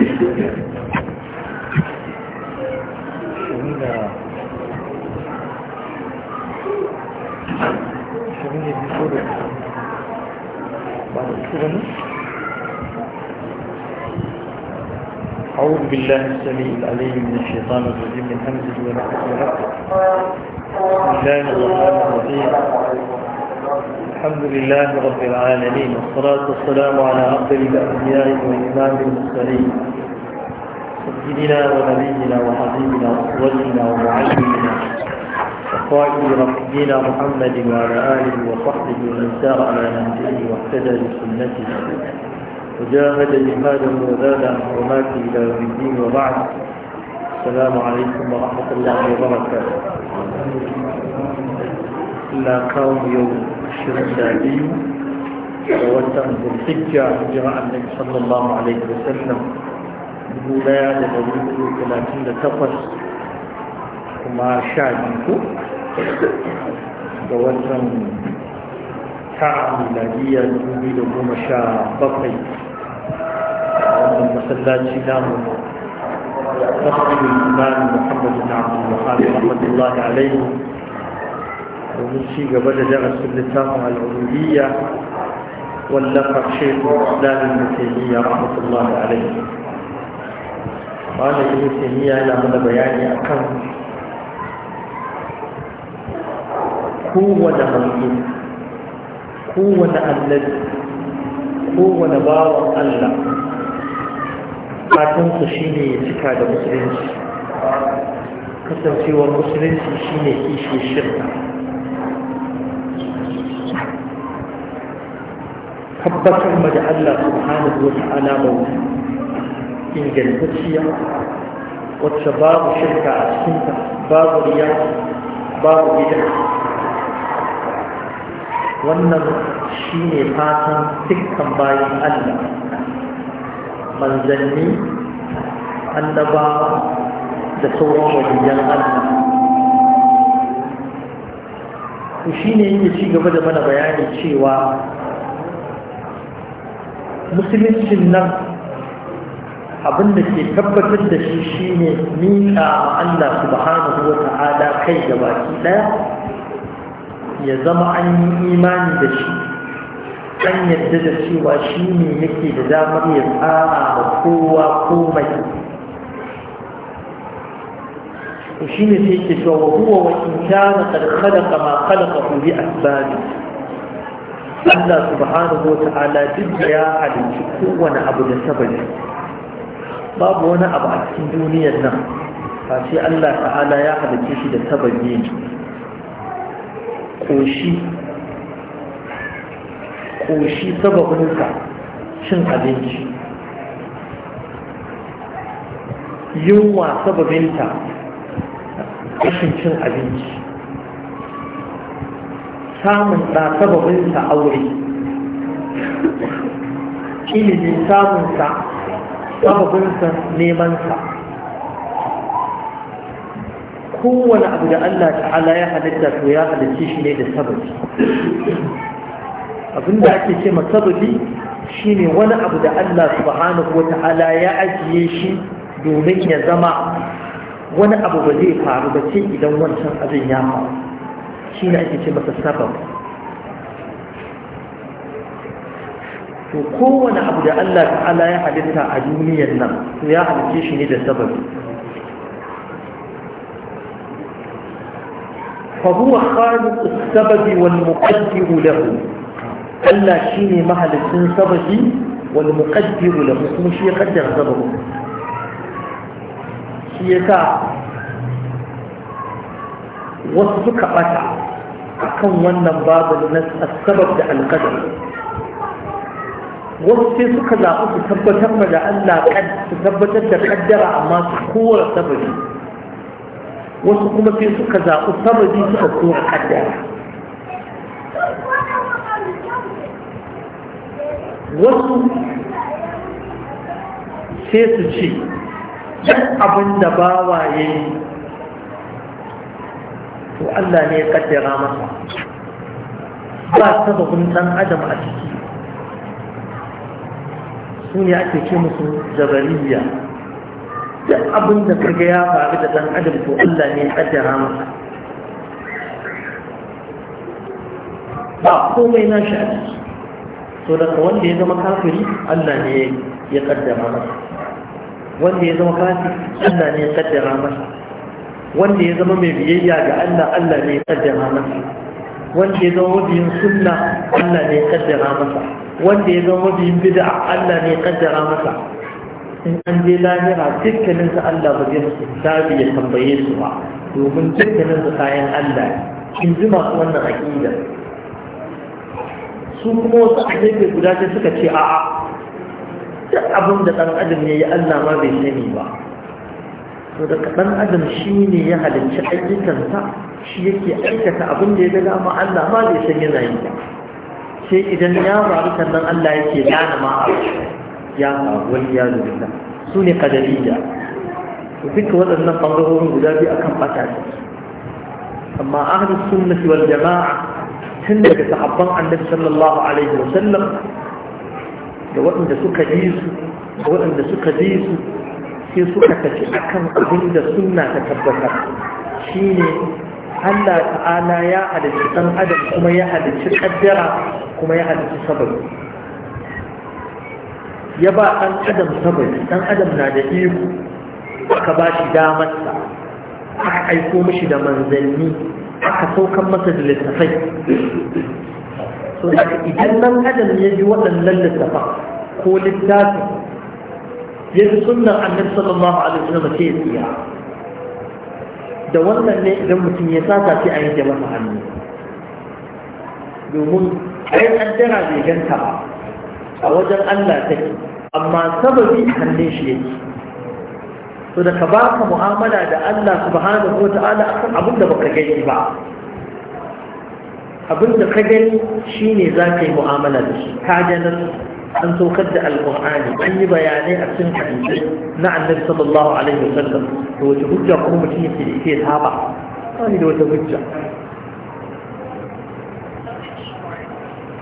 أعوذ بالله السميع العليم من الشيطان الرجيم من همزه ونفخه ونفسه بسم الله الرحمن الرحيم الحمد لله رب العالمين والصلاة والسلام على أفضل الأنبياء والامام المرسلين سيدنا ونبينا وحبيبنا وقوتنا ومعلمنا وقائد ربنا محمد وعلى آله وصحبه ومن سار على منزله واهتدى بسنته وجاهد جهادا وزاد عن حرماته إلى يوم الدين وبعد السلام عليكم ورحمة الله وبركاته إلا قوم يوم الشرك الأبي ووتم بالحجه الحجة جراء النبي صلى الله عليه وسلم dubu daya da takwas kuma sha biyu ga watan ta'a miladiyya dubu da goma sha bakwai wannan masallaci namu تخرج الإمام محمد بن عبد الوهاب domin ci gaba da darasin littafin al'ulubiyya wallafar shekul islamin mutane ya rahmatullah alaihi wanda ibn taymiya yana mana bayani akan kowane manzo kowane annabi kowane bawan Allah fatan su shine ya cika da musulunci kasancewar musulunci shine kishi shirka tabbatar da Allah subhanahu wa ta'ala bauta ingantacciya wacce babu shirka a cikinta babu riya babu gida wannan shi ne fatan dukkan bayan allah manzanni annaba da sauran wajen allah Ku shi ne yin ci gaba da mana bayani cewa musuluncin nan abin da ke tabbatar da shi shine miƙa Allah subhanahu wa ta'ala kai da baki ɗaya ya zama an yi imani da shi an yadda da cewa shi ne yake da damar ya tsara da kowa komai to shi ne sai ke cewa huwa wa in kana qad khalaqa ma khalaqa bi asbabi Allah subhanahu wa ta'ala duk ya halicci kowane abu da sababi babu wani abu a cikin duniyar nan ba sai Allah ta'ala ya halice shi da tabbaye koshi koshi sababinsa cin abinci yunwa sababinta rashin cin abinci samun ɗa sababinsa aure ilimin samunsa sababinsa nemansa kowane abu da Allah ta'ala ya halitta to ya halicce shi ne da sababi abinda ake ce ma sababi shine wani abu da Allah subhanahu wa ta'ala ya ajiye shi domin ya zama wani abu ba zai faru ba ce idan wancan abin ya faru shi ake ce masa sababi to kowane abu da Allah ta'ala ya halitta a duniyar nan to ya halitta shi ne da sababi فهو خالق السبب والمقدر له ألا شيني محل السن سببي والمقدر له اسمه شي قدر سببه شي يسا وصفك أتع أكون ونن باب الناس السبب ده القدر wasu sai suka zaɓi su tabbatar da Allah su tabbatar da kaddara amma su kora sababi wasu kuma sai suka zaɓi sababi suka kora kaddara wasu sai su ce duk abin da bawa ya yi to Allah ne ya kaddara masa ba sababin ɗan adam a ciki su ne ake ce musu jabariya duk abin da kaga ya faru da ɗan adam ko Allah ne ya ƙaddara masa ba komai na shi a ciki so daga wanda ya zama kafiri Allah ne ya ƙaddara masa wanda ya zama kafiri Allah ne ya ƙaddara masa wanda ya zama mai biyayya ga Allah Allah ne ya ƙaddara masa wanda ya zama mabiyin sunna Allah ne kaddara masa wanda ya zama mabiyin bid'a Allah ne ya kaddara masa in an je lahira dukkanin su Allah ba zai su sabi ya tambaye su ba domin dukkanin su kayan Allah ne in ji masu wannan aƙida su kuma wasu a gefe guda sai suka ce a'a duk abin da ɗan adam ya yi Allah ma bai sani ba to da kaɗan adam shi ne ya halinci ayyukansa shi yake aikata abin da ya ga dama Allah ma bai san yana yi sai idan ya faru sannan Allah yake lana ma a ya faru wani ya zuwa su ne kadariya duka waɗannan ɓangarorin guda biyu akan ɓata ne amma ahlus sunnati wal jama'a tun daga sahabban annabi sallallahu alaihi wa sallam da waɗanda suka ji su da waɗanda suka ji su sai suka tafi akan abin da suna ta tabbatar Shi ne Allah ta'ala ya halicci ɗan adam kuma ya halicci ƙaddara kuma ya halicci sababi ya ba ɗan adam sababi ɗan adam na da iko aka ba shi damarsa aka aiko mashi da manzanni aka saukan masa da littafai so idan ɗan adam ya ji waɗannan littafan ko littafin ya sunan sunnan annabi sallallahu alaihi wasallam sai ya tsiya da wannan ne idan mutum ya sata sai a yanke masa hannu domin ai kaddara bai ganta ba a wajen Allah take amma sababi hannun shi yake to da ka baka mu'amala da Allah subhanahu wata'ala akan abin da baka gani ba abin da ka gani shine za ka yi mu'amala da shi ka ganin an saukar da alƙur'ani an yi bayanai a cikin hadisi na annabi sallallahu alaihi wasallam da wace hujja kuma mutum yake da ke saba ba da wata hujja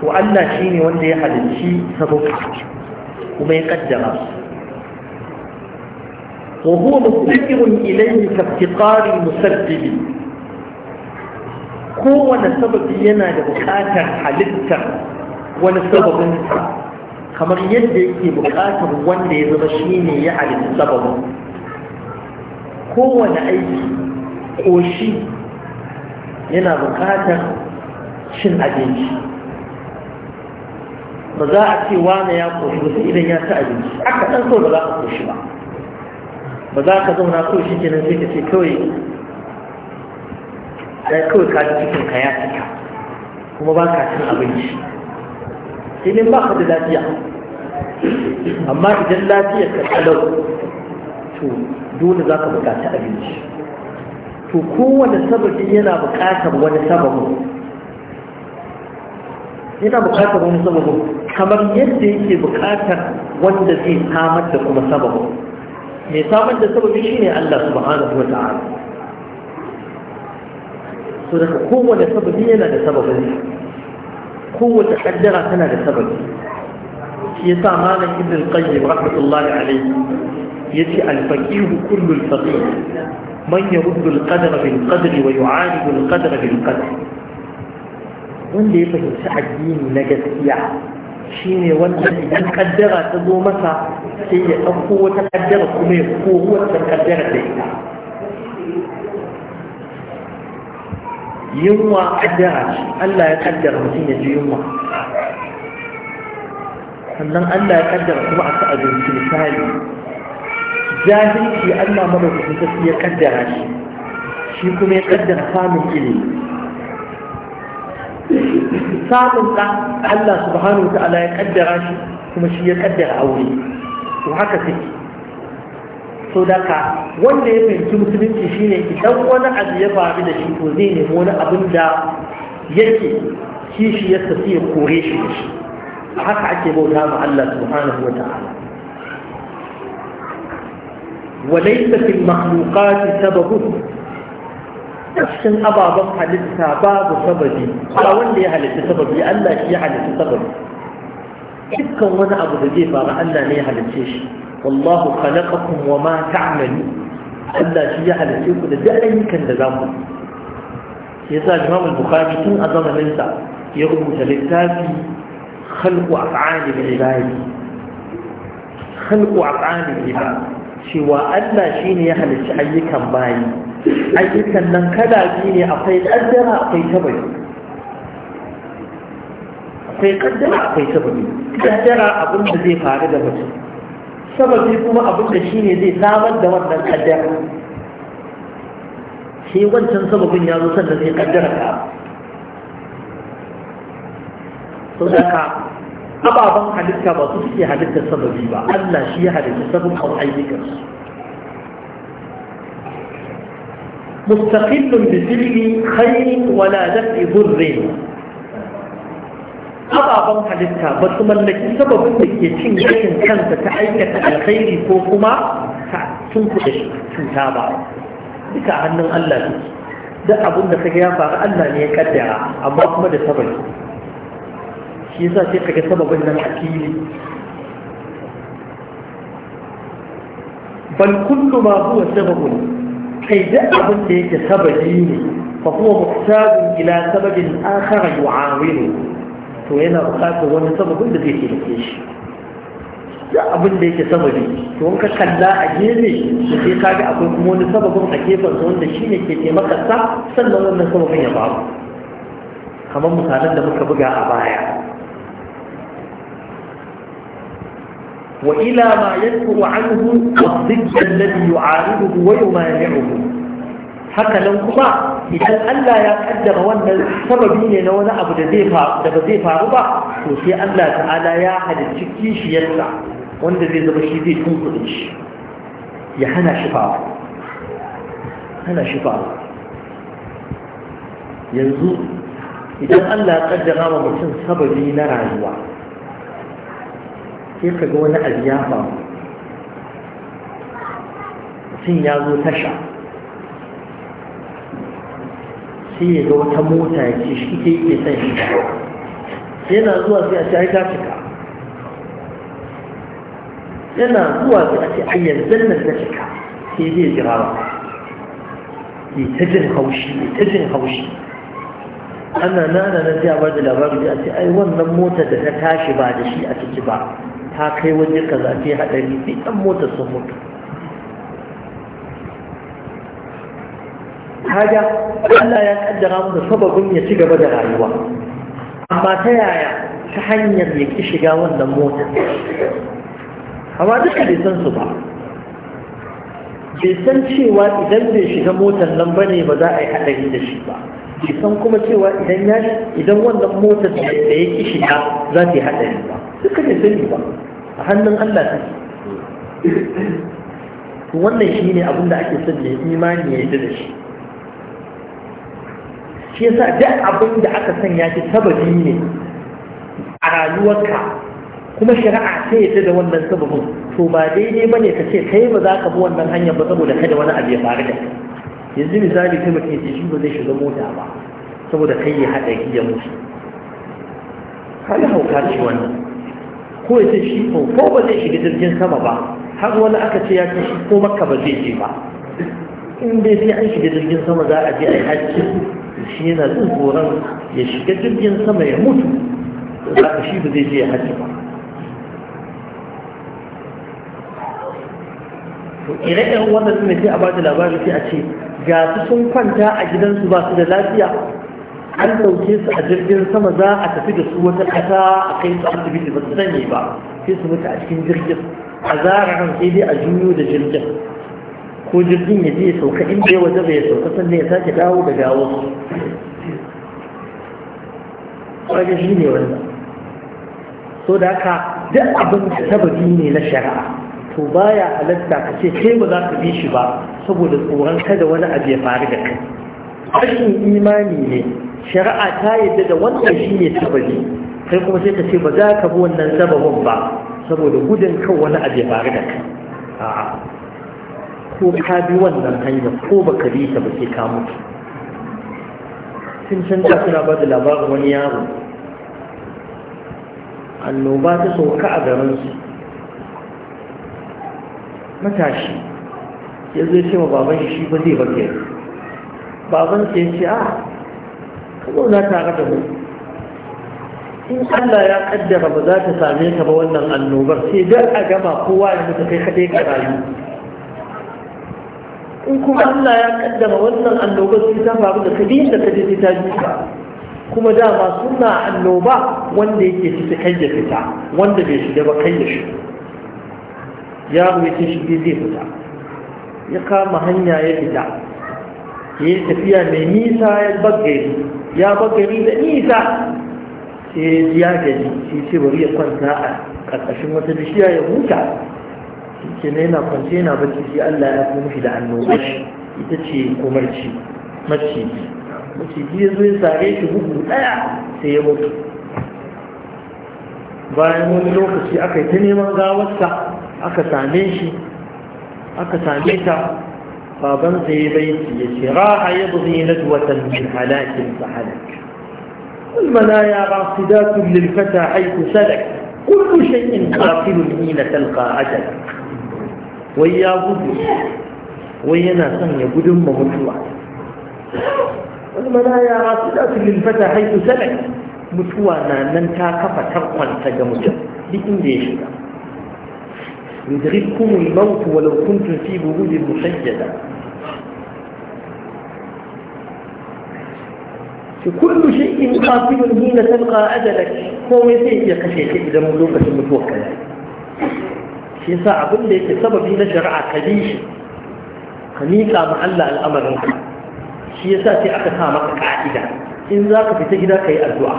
to Allah shine wanda ya halicci sabuka kuma ya kaddara wa huwa mustaqirun ilayhi ka iftiqari musaddidi kowane sababi yana da bukatar halittar wani sababin sa kamar yadda yake bukatar wanda ya zama shi ne ya halitta sababu kowane aiki ko yana bukatar cin abinci ba za a ce wane ya koshi ba idan ya ci abinci aka ɗan so ba za a koshi ba ba za ka zauna ko shi kenan sai ka ce kawai kawai ka ji cikin ka ya cika, kuma ba ka cin abinci sai dai ba ka da lafiya amma idan lafiyar ka kalau to dole za ka buƙaci abinci to kowane sababi yana buƙatar wani sababin yana buƙatar wani sababin kamar yadda yake buƙatar wanda zai samar da kuma sababin mai samar da sababi shi ne Allah subhanahu wa ta'ala so daga kowane sababi yana da sababin kowace ƙaddara tana da sababi shi yasa malam ibn al-qayyim rahmatullahi alayhi yace al-faqih kullu al-faqih man yurdu al-qadara bil qadri wa yu'alibu al-qadara bil wanda ya fahimci addini na gaskiya shine wanda idan kaddara ta zo masa sai ya ɗauko wata kaddara kuma ya koro wata kaddara da ita yunwa kaddara ce Allah ya kaddara mutum ya ji yunwa sannan Allah ya kaddara kuma a sa'a abinci misali jahilci Allah madaukakin sarki ya kaddara shi shi kuma ya kaddara samun ilimi samun ɗa Allah subhanahu wa ta'ala ya kaddara shi kuma shi ya kaddara aure to haka take so daga wanda ya fahimci musulunci shine idan wani abu ya faru da shi to zai nemi wani abin da yake kishi ya tafi ya kore shi da shi haka ake bauta ma Allah subhanahu wa ta'ala وليس في المخلوقات سببه cikin ababen halitta babu sababi ba wanda ya halitta sababi Allah shi ya halitta sababi dukkan wani abu da zai faru Allah ne ya halicce shi wallahu khalaqakum wa ma ta'malu Allah shi ya halicce ku da duk ayyukan da za ku yasa Imam Bukhari tun a zamanin sa ya rubuta littafi khalqu af'ali bil ibadi khalqu af'ali bil ibadi cewa Allah shine ya halicci ayyukan bayi ayyukan nan kada ne akwai kaddara akwai tabari akwai kaddara akwai tabari kaddara abin da zai faru da mutum sababi kuma abin da shi ne zai samar da wannan kaddara sai wancan sababin ya zo sannan zai kaddara ka so da ka ababen halitta ba su suke halitta sababi ba Allah shi ya halitta sabon a ayyukansu مستقل بفعل خير ولا دفع ضر ababen halitta ba su mallaki sababin da ke cin gashin kansa ta aikata alkhairi ko kuma sun kuɗa cuta ba duka hannun Allah ne duk abin da kaga ya faru Allah ne ya kaddara amma kuma da sababi shi yasa sai kaga sababin nan a fili bal kullu ma huwa sababun kai duk abin da yake sababi ne fa huwa muhtajun ila sababin akhar yu'awinuhu to yana buƙatar wani sababin da zai taimake shi ya abin da yake sababi to in ka kalla a gefe da sai ka ga akwai kuma wani sababin a gefen sa wanda shine ke taimaka sa sannan wannan sababin ya babu kamar misalan da muka buga a baya wa ila ma وإلى ما يذكر عنه الضد الذي يعارضه ويمانعه haka nan kuma idan Allah ya kaddara wannan sababi ne na wani abu da zai faru ba zai to sai Allah ta'ala ya halicci kishiyarsa wanda zai zama shi zai tunkuɗe shi ya hana shi faru hana shi faru yanzu idan Allah ya kaddara wa mutum sababi na rayuwa sai ka ga wani abu ya faru mutum ya zo tasha sai ya ga wata mota ya ce shi ta yake son shi yana zuwa sai a ce ai ta cika yana zuwa sai a ce ai yanzu nan ta cika sai zai jira ba ke ta jin haushi ke ta jin haushi ana nana na sai a bada labari da ce ai wannan mota da ta tashi ba da shi a ciki ba ta kai waje kaza ce hadari sai ɗan motar sun mutu kaga Allah ya kaddara mu da sababin ya ci gaba da rayuwa amma ta yaya ta hanyar ya ki shiga wannan mota amma duka bai san su ba bai san cewa idan bai shiga motar nan ba ne ba za a yi haɗari da shi ba bai san kuma cewa idan ya idan wannan motar da ya ki shiga za ta yi haɗari ba duka bai sani ba a hannun Allah take wannan shi ne abin da ake son da imani ya yi da shi shi yasa duk abin da aka sanya shi sababi ne a rayuwarka kuma shari'a ta yadda da wannan sababin to ba daidai ba ne ka ce kai ba za ka bi wannan hanyar ba saboda kada wani abu ya faru da yanzu misali kai mutum ya ce shi ba zai shiga mota ba saboda kai ya haɗa ya mutu kaga hauka ce wannan ko ya ce shi ko ko ba zai shiga jirgin sama ba har wani aka ce ya ce shi ko makka ba zai je ba in dai sai an shiga jirgin sama za a je a yi hajji shi yana jin tsoron ya shiga jirgin sama ya mutu za ka shi zai je to ire-iren wanda suna sai a ba da labari sai a ce ga su sun kwanta a gidansu ba su da lafiya an ɗauke su a jirgin sama za a tafi da su wata ƙasa a kai su asibiti ba su sani ba sai su mutu a cikin jirgin a zara ran sai dai a juyo da jirgin ko jirgin ya je ya sauka inda ya waje ya sauka sannan ya sake dawo da gawo kwaje shi ne wannan so da haka duk abin da sababi ne na shari'a to baya halatta ka ce kai ba za ka bi shi ba saboda tsoron kada wani abu ya faru da kai rashin imani ne shari'a ta yadda da wannan shi ne sababi kai kuma sai ka ce ba za ka bi wannan sababin ba saboda gudun kan wani abu ya faru da kai ko ka bi wannan hanyar ko ba ka bi ta ba sai ka mutu sun canza suna ba da labarin wani yaro annoba ta sauka a garinsu matashi ya zai ce ma baban shi ba zai ba ke. baban sai ce a ah, ka zauna tare da mu in Allah ya kaddara ba za ta same ka ba wannan annobar sai dai a gama kowa ya mutu kai kaɗai ka rayu in kuma Allah ya kaddara wannan annoba sai ta faru da kadi da kadi sai ta duka kuma dama suna annoba wanda yake fita kai ya fita wanda bai shiga ba kai ya shiga yaro ya ce shi zai fita ya kama hanya ya fita ya yi tafiya mai nisa ya bagari ya bagari da nisa sai ya ya gaji sai ce bari ya kwanta a ƙarƙashin wata bishiya ya huta ke na yana kwance yana bacci sai Allah ya kuma shi da annobar shi ita ce umarci maciji maciji ya zo ya sare shi bugu daya sai ya mutu bayan wani lokaci aka yi ta neman gawarsa aka same shi aka same ta baban sai baiti ya ce raha ya buzi na duwatan min halakin sa halak المنايا راصدات للفتى حيث سلك كل شيء قاتل حين تلقى أجلك wai ya gudu wai yana son ya gudun ma mutuwa wani mana ya rasu da su lilfata haitu sanai mutuwa na nan ta kafa tarkwanta ga mutum duk inda ya shiga يدرككم الموت ولو كنتم في بروج مشيدة كل شيء قاتل حين تلقى أجلك هو يسير يا كشيخ إذا ملوكة متوكلة shi sa abin da yake sababi na shari'a ka bi shi ka miƙa ma Allah al'amarin ka shi ya sa sai aka sa maka ka'ida in za ka fita gida ka yi addu'a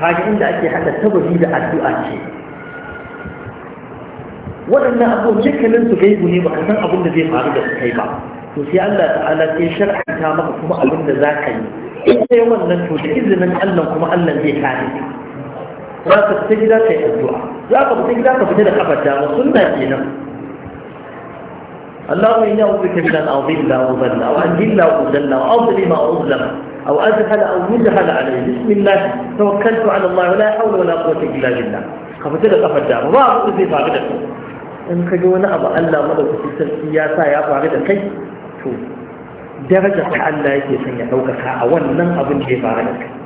kaga inda ake haɗa sababi da addu'a ce waɗannan abubuwan dukkanin su gaibu ne ba baka san abin da zai faru da su kai ba to sai Allah ta'ala sai shar'anta maka kuma abin da za ka yi in yi wannan to da izinin Allah kuma Allah zai kare ka za ka fita gida ka yi addu'a za ka fita gida ka fita da kafar dama sunna kenan اللهم إنا أعوذ بك أن أضل أو أضل أو أنجل أو أضل أو أظلم أو أظلم أو أزهل أو يزهل علي بسم الله توكلت على الله ولا حول ولا قوة إلا بالله خفت لك أفجار ما أقول زي فاقدك in ka ji wani abu Allah madaukaki sarki ya sa ya faru da kai to darajar Allah yake son ya ɗaukaka a wannan abin da da kai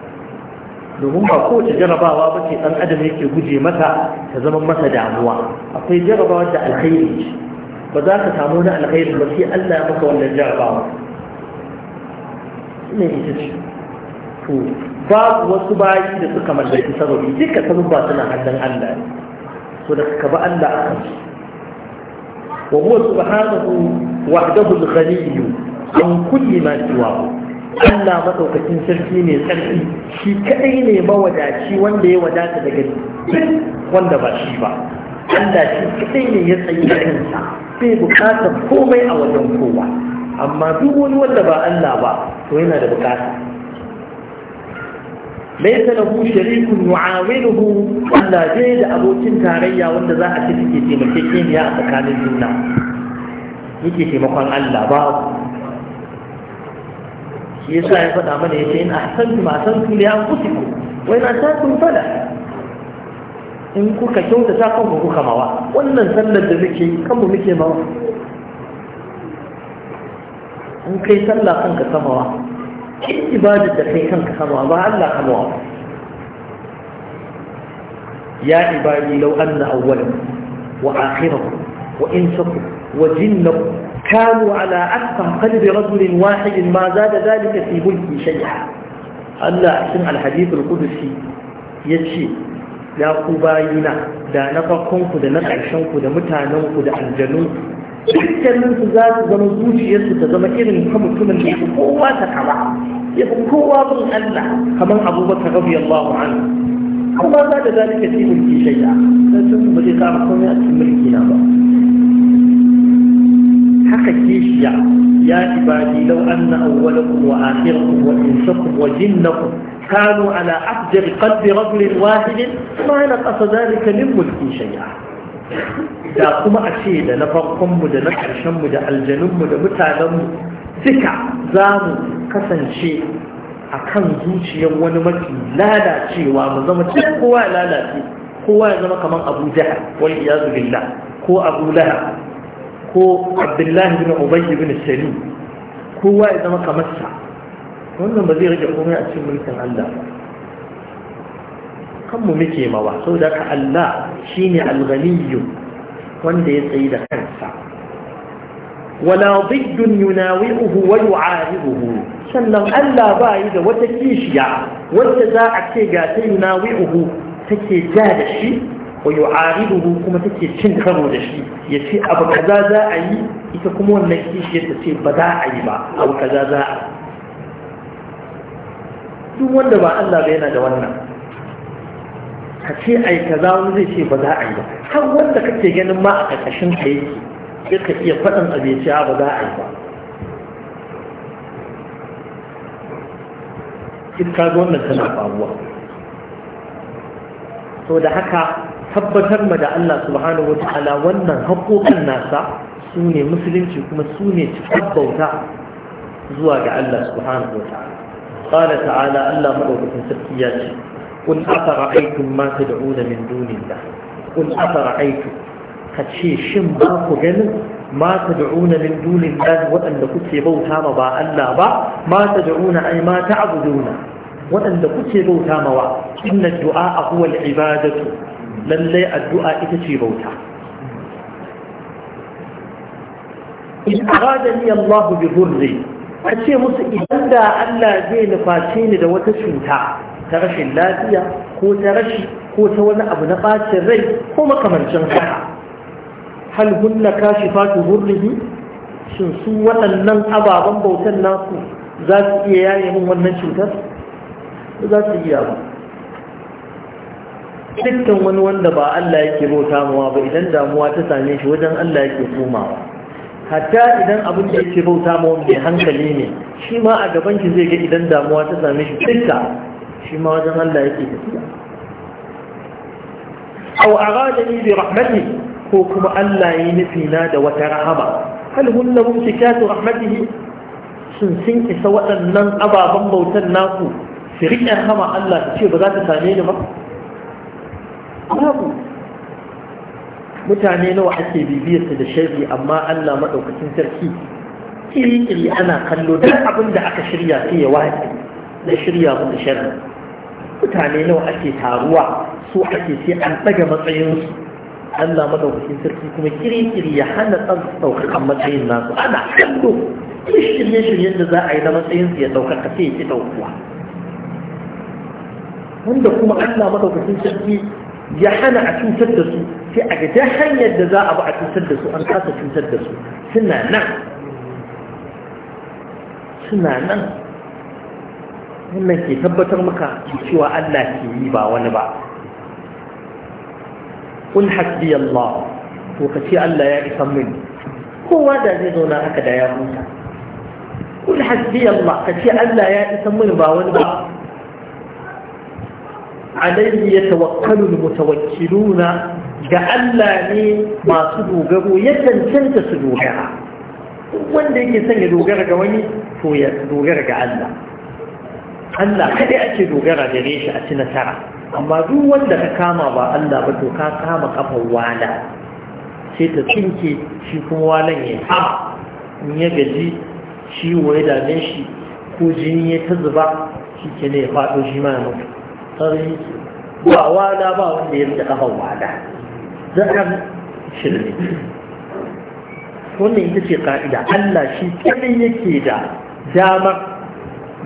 domin ba kowace jarabawa ba ce ɗan adam yake guje mata ta zama masa damuwa akwai jarabawa da alkhairi ce ba za ka samu na alkhairi ba sai Allah ya maka wannan jarabawa ne ita ce to babu wasu bayi da suka mallaki sababi duka ba suna hannun Allah ne to da ka ba Allah a kansu wa huwa subhanahu wahdahu al-ghaniyyu an kulli ma siwahu Allah maɗaukacin sarki ne sarki shi kadai ne mawadaci wanda ya wadata daga duk wanda ba shi ba Allah shi kadai ne ya tsayi da kansa bai bukatar komai a wajen kowa amma duk wani wanda ba Allah ba to yana da bukata laysa lahu sharikun yu'awinuhu Allah zai da abokin tarayya wanda za a ci suke taimakekeniya a tsakanin juna yake taimakon Allah babu ya sa ya faɗa mana yace in ahsantum ahsantum li anfusikum wa in asatum fala in kuka kan kanku kuka mawa wannan sallar da muke mu muke mawa in kai sallah kanka samawa kin ibadar da kai kanka samawa ba Allah kamawa ya ibadi law anna awwalakum wa akhirakum wa insakum وجنه كانوا على أفقى قلب رجل واحد ما زاد ذلك في ملكي شيئا ألا أحسن الحديث القدسي يتشي يا قبائلنا دا نفقكم كد نفعشن كد متانم كد أنجنون حتى من ذات ظنزوج يسو تزمكين محمد كما يحقوا تكما يحقوا من ألا كما أبو بكر رضي الله عنه وما زاد ذلك في ملكي شيئا لا تنسوا بذلك أعطوني أتمركينا haka kishiya ya ibadi law anna awwalakum wa akhirakum wa insakum wa jinnakum kanu ala afjari qalbi rajulin wahidin ma naqasa dhalika min mulki shay'a da kuma a ce da na mu da na mu da aljanunmu da mutanenmu duka za mu kasance a kan zuciyar wani mafi lalacewa mu zama cikin kowa ya lalace kowa ya zama kamar abu jihar wani iyazu billah ko abu lahar ko abdullahi bin ubayy bin salim kowa ya zama kamarsa. wannan ba zai rage komai a cikin mulkin Allah kanmu muke mawa da ka Allah shine ne ghaniyyu wanda ya tsayi da kansa wala dhiddun yunawi'uhu wa uhu. sannan Allah ba yi da wata kishiya wanda za a ce ga ta uhu take ja da shi wa yu'aribuhu kuma take cin karo da shi ya ce abu kaza za a yi ita kuma wannan kishiyar ta ce ba za a yi ba abu kaza za a duk wanda ba Allah ba yana da wannan ka ce ai kaza wani zai ce ba za a yi ba har wanda kake ganin ma a ƙarƙashin ka yake sai ka iya faɗin abu ya ce ah, ba za a yi ba duk ka ga wannan tana faruwa to da haka tabbatar ma da Allah subhanahu wata'ala wannan haƙoƙin nasa su ne musulunci kuma su ne cikin bauta zuwa ga Allah subhanahu wata'ala qala ta'ala Allah madaukakin sarki ya ce kun afara'aytum ma ta tad'una min dunillah kun afara'aytum ka ce shin ba ku ganin ma ta tad'una min dunin da waɗanda kuke bauta ma ba Allah ba ma ta tad'una ai ma ta ta'buduna waɗanda kuke bauta ma mawa inna du'a a huwa al-ibadatu lallai addu'a ita ce bauta in aradani Allah bi burri a ce musu idan da Allah zai nuface ni da wata cuta ta rashin lafiya ko ta rashi ko ta wani abu na bacin rai ko makamancin haka hal hunna fatu dhurrihi shin su waɗannan ababen bautan nasu za su iya yaye min wannan cutar za su iya ba dukkan wani wanda ba Allah yake bauta mawa ba idan damuwa ta same shi wajen Allah yake komawa hatta idan abin da yake bauta mawa mai hankali ne shi ma a gaban shi zai ga idan damuwa ta same shi dukka shi ma wajen Allah yake tafiya A aw ni bi rahmati ko kuma Allah ya nufi na da wata rahama hal hunna mumsikatu rahmatihi sun sun isa waɗannan ababen bautan naku su riƙe rahama Allah ta ce ba za ta same ni ba babu mutane nawa ake bibiyarsa da shari'a amma Allah maɗaukacin sarki kiri-kiri ana kallo duk abin da aka shirya sai ya wace na shirya mu da shari'a mutane nawa ake taruwa su ake sai an ɗaga matsayinsu Allah maɗaukacin sarki kuma kiri-kiri ya hana ɗan ɗaukakan matsayin nasu ana kallo duk shirye-shiryen da za a yi na matsayinsu ya ɗaukaka sai ya ki ɗaukuwa wanda kuma Allah maɗaukacin sarki ya hana a cutar da su sai a ga hanyar da za a ba a cutar da su an kasa cutar da su suna nan suna nan wannan ke tabbatar maka cewa Allah ke yi ba wani ba kun hasbi Allah to ka ce Allah ya isa mini kowa da zai zauna haka da ya huta kun hasbi Allah ka ce Allah ya isa mini ba wani ba alaihi ya tawakkalul mutawakkiluna ga Allah ne masu dogaro ya cancanta su dogara wanda yake son ya dogara ga wani to ya dogara ga Allah Allah kada ake dogara da shi a ci nasara amma duk wanda ka kama ba Allah ba to ka kama kafar wala sai ta tsinke shi kuma walan ya ha in ya gaji ciwo ya dame shi ko jini ya ta zuba shi ke ne ya faɗo shi ya mutu sarari ba wada ba wanda ya kafa wada wala zaran shirme wannan ita ce ka'ida Allah shi kadai yake da damar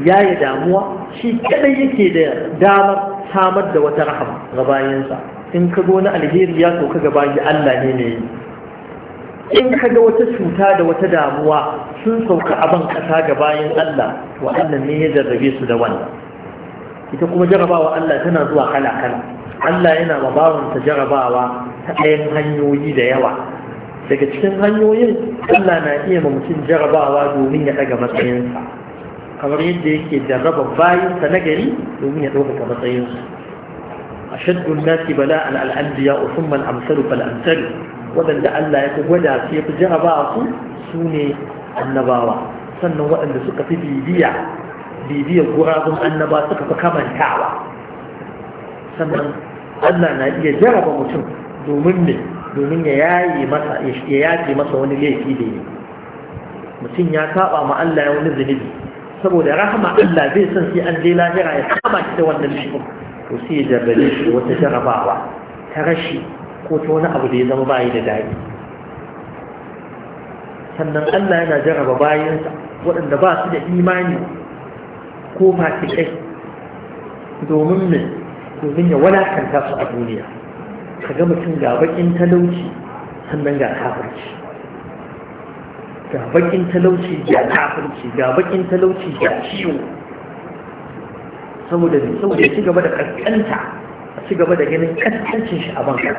yi damuwa shi kadai yake da damar samar da wata rahama ga bayansa in ka ga wani alheri ya sauka ga bayi Allah ne ne in ka ga wata cuta da wata damuwa sun sauka a ban kasa ga bayan Allah wa'annan ne ya jarrabe su da wannan ita kuma jarabawa Allah tana zuwa kala kala Allah yana ma bawansa jarabawa ta ɗayan hanyoyi da yawa daga cikin hanyoyin Allah na iya ma mutum jarabawa domin ya ɗaga matsayinsa kamar yadda yake jarraba bayansa na gari domin ya ɗaukaka matsayinsa أشد الناس بلاء الأنبياء ثم الأمثل فالأمثل وذن ده الله يتغدى في su ne annabawa sannan waɗanda suka fi bibiya bibiyar gurabun annaba suka fi kamantawa sannan Allah na iya jaraba mutum domin ne domin ya yaye masa ya yaje masa wani laifi da yi mutum ya saba ma Allah ya wani zunubi saboda rahama Allah zai son sai an je lahira ya kama shi da wannan laifin to sai ya jarrabe shi wata jarabawa ta rashi ko ta wani abu da ya zama bayi da daɗi sannan Allah yana jarraba bayansa waɗanda ba su da imani ko fasikai domin ne domin ya walakanta su a duniya ka ga mutum ga bakin talauci sannan ga kafirci ga bakin talauci ga kafirci ga bakin talauci ga ciwo saboda saboda ci gaba da kaskanta a ci gaba da ganin kaskancin shi a banka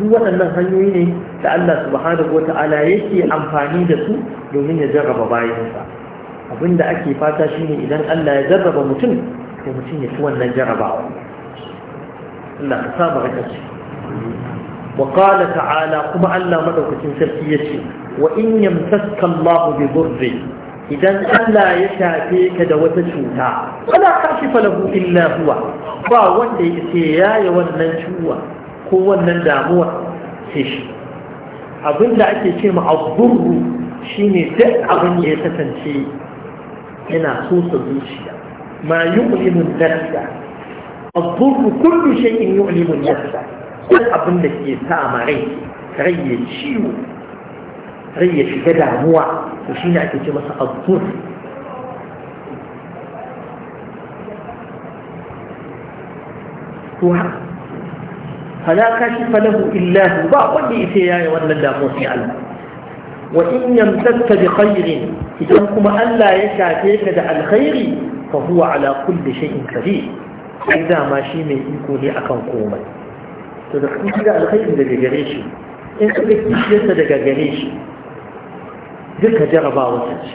duk waɗannan hanyoyi ne da Allah subhanahu ta'ala yake amfani da su domin ya jarraba bayansa abinda ake fata ne idan Allah ya jarraba mutum to mutum ya fi wannan jarrabawa Allah ka sa baraka shi wa qala ta'ala kuma Allah madaukakin sarki yace wa in yamtaska Allah bi dhurri idan Allah ya shafe ka da wata cuta wala kashifa lahu illa huwa ba wanda ya ce wannan cuwa ko wannan damuwa sai shi abinda ake ce ma abdurru shine duk abin da ya kasance yana sosa zuciya ma yu'limun nafsa الضر كل شيء يؤلم النفس كل أبن لك يساء معي ري شيو ري شجدع هو وشين أكتب مسا الضر فلا كشف له إلا هو وقل لي إسياء وأن الله الله wa in yamsaka bi khairin idan kuma Allah ya shafe ka da alkhairi fa huwa ala kulli shay'in qadir sai ma shi mai iko ne akan komai to da kuma da alkhairi daga gare shi in kuma kishiyarsa daga gare shi duka jarabawa ta ce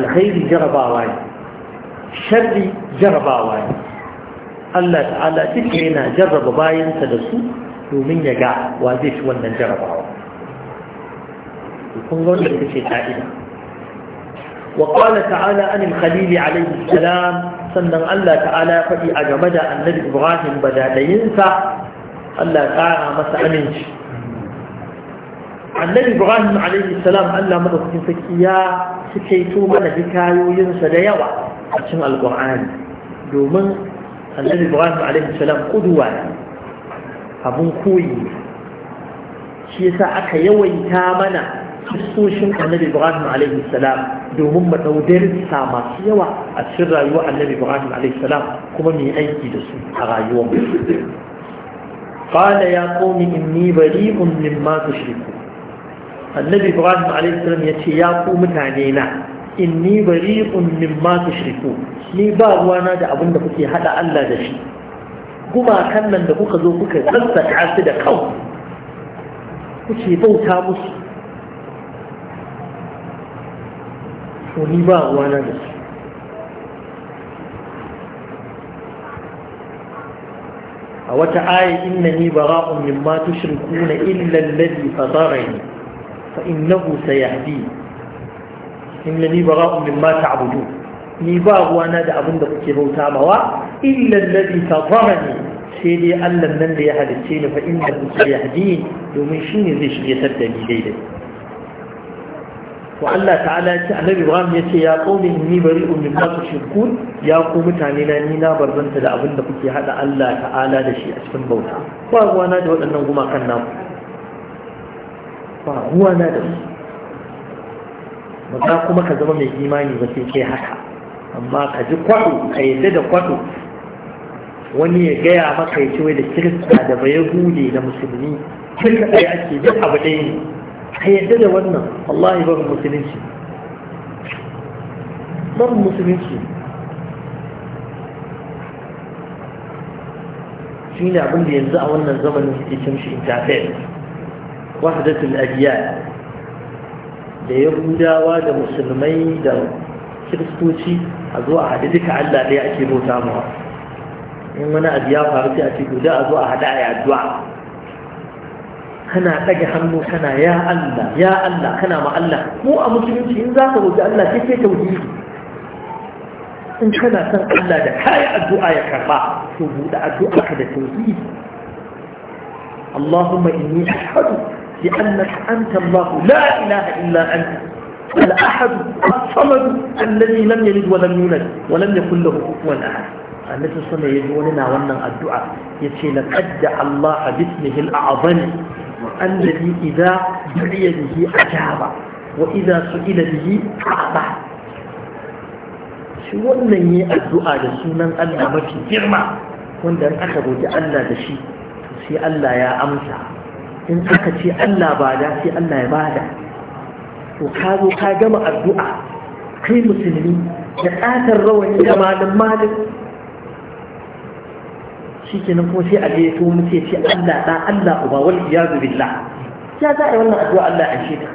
alkhairi jarabawa ne sharri jarabawa ne Allah ta'ala duk yana jarraba bayansa da su domin ya ga wa zai ci wannan jarabawa kun wanda ita ce ka'ida wa qala ta'ala anil khalil alayhi sannan Allah ta'ala fadi a game da annabi ibrahim badadayin sa Allah ƙara masa aminci annabi ibrahim alayhi salam Allah madaukakin ya suke mana bi kayoyin da yawa a cikin alqur'ani domin annabi ibrahim alayhi salam kudwa abun koyi shi yasa aka yawaita mana kissoshin annabi ibrahim alaihi salam domin mu daudar sa masu yawa a cikin rayuwar annabi ibrahim alaihi salam kuma mu yi aiki da su a rayuwar mu قال يا قوم إني بريء مما تشركون النبي إبراهيم عليه السلام يتي يا قوم تعنينا إني بريء مما تشركون ni ba ruwana da abun da kuke haɗa Allah da shi gumakan nan da kuka zo kuka sassaka su da kau kuke bauta musu to ni ba wana da su a wata aya inna ni bara'un mimma tushrikuna illa alladhi fatarani fa innahu sayahdi inna ni bara'un mimma ta'budu ni ba wana da abin da kuke bauta mawa illa alladhi fatarani sai dai Allah nan da ya halicce ni fa innahu sayahdi domin shine zai shirye da ni daidai to Allah ta'ala ya ce annabi Ibrahim ya ce ya qaumi inni bari'un mimma tushrikun ya ku mutane na ni na barzanta da abin da kuke hada Allah ta'ala da shi a cikin bauta ba ruwa na da waɗannan gumakan namu ba ruwa na da su ba za kuma ka zama mai imani ba sai kai haka amma ka ji kwaɗo ka yadda da kwaɗo wani ya gaya maka ya ce wai da kirista da bayahude da musulmi kirka ɗaya ake duk abu ɗaya ne ka yadda da wannan wallahi barin musulunci barin musulunci shi ne abinda yanzu a wannan zamanin suke cin shi interfaith wahdatul adiyan da yahudawa da musulmai da kiristoci a zuwa a haɗe duka allah ɗaya ake bauta mawa in wani abu ya faru sai a ce guda a zuwa a haɗa a yi addu'a kana ɗaga hannu kana ya Allah ya Allah kana ma Allah mu a musulunci in za ka roƙi Allah sai kai tauhidi in kana san Allah da kai addu'a ya karba to buɗe addu'a ka da tauhidi Allahumma inni ashhadu bi annaka anta Allah la ilaha illa anta الأحد الصمد الذي لم يلد ولم يولد ولم يكن له كفوا أحد النبي صلى الله عليه وسلم يقول لنا وانا الدعاء يتي لقد دعا الله باسمه الأعظم الذي إذا دعي به أجاب وإذا سئل به أعطى shi wannan yi addu'a da sunan Allah mafi girma wanda in aka roƙi Allah da shi sai Allah ya amsa in aka ce Allah ba da sai Allah ya bada to ka zo ka gama addu'a kai musulmi da ƙatar rawani da malin malin shi kenan kuma sai a je so mu ce ce Allah da Allah uba wal iyazu billah ya za a yi wannan addu'a Allah ya shi ta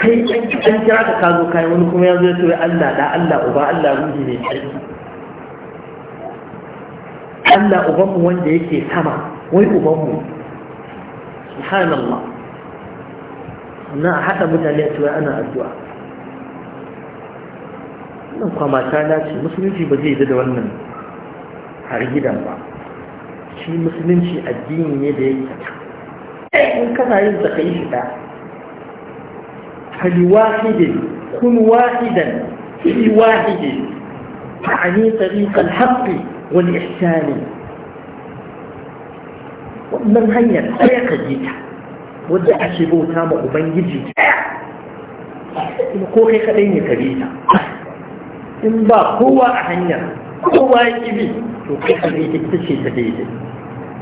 kai an kira ka kazo kai wani kuma ya zo ya ce Allah da Allah uba Allah ruhi ne Allah ubanmu wanda yake sama wai ubanmu subhanallah na haɗa mutane a cewa ana addu'a wannan kwamata na ce musulunci ba zai da wannan har gidan ba shi musulunci addini ne da yake in kana yin zaka yi shida hali wahidin kun wahidan fi wahidin ta'ani tariqal wani wal ne. wannan hanyar ɗaya ka ji ta wadda ake bauta ma ubangiji ɗaya ko kai kaɗai ne ka ta in ba kowa a hanya kowa ya ƙibi to kai ne ta ce ta daidai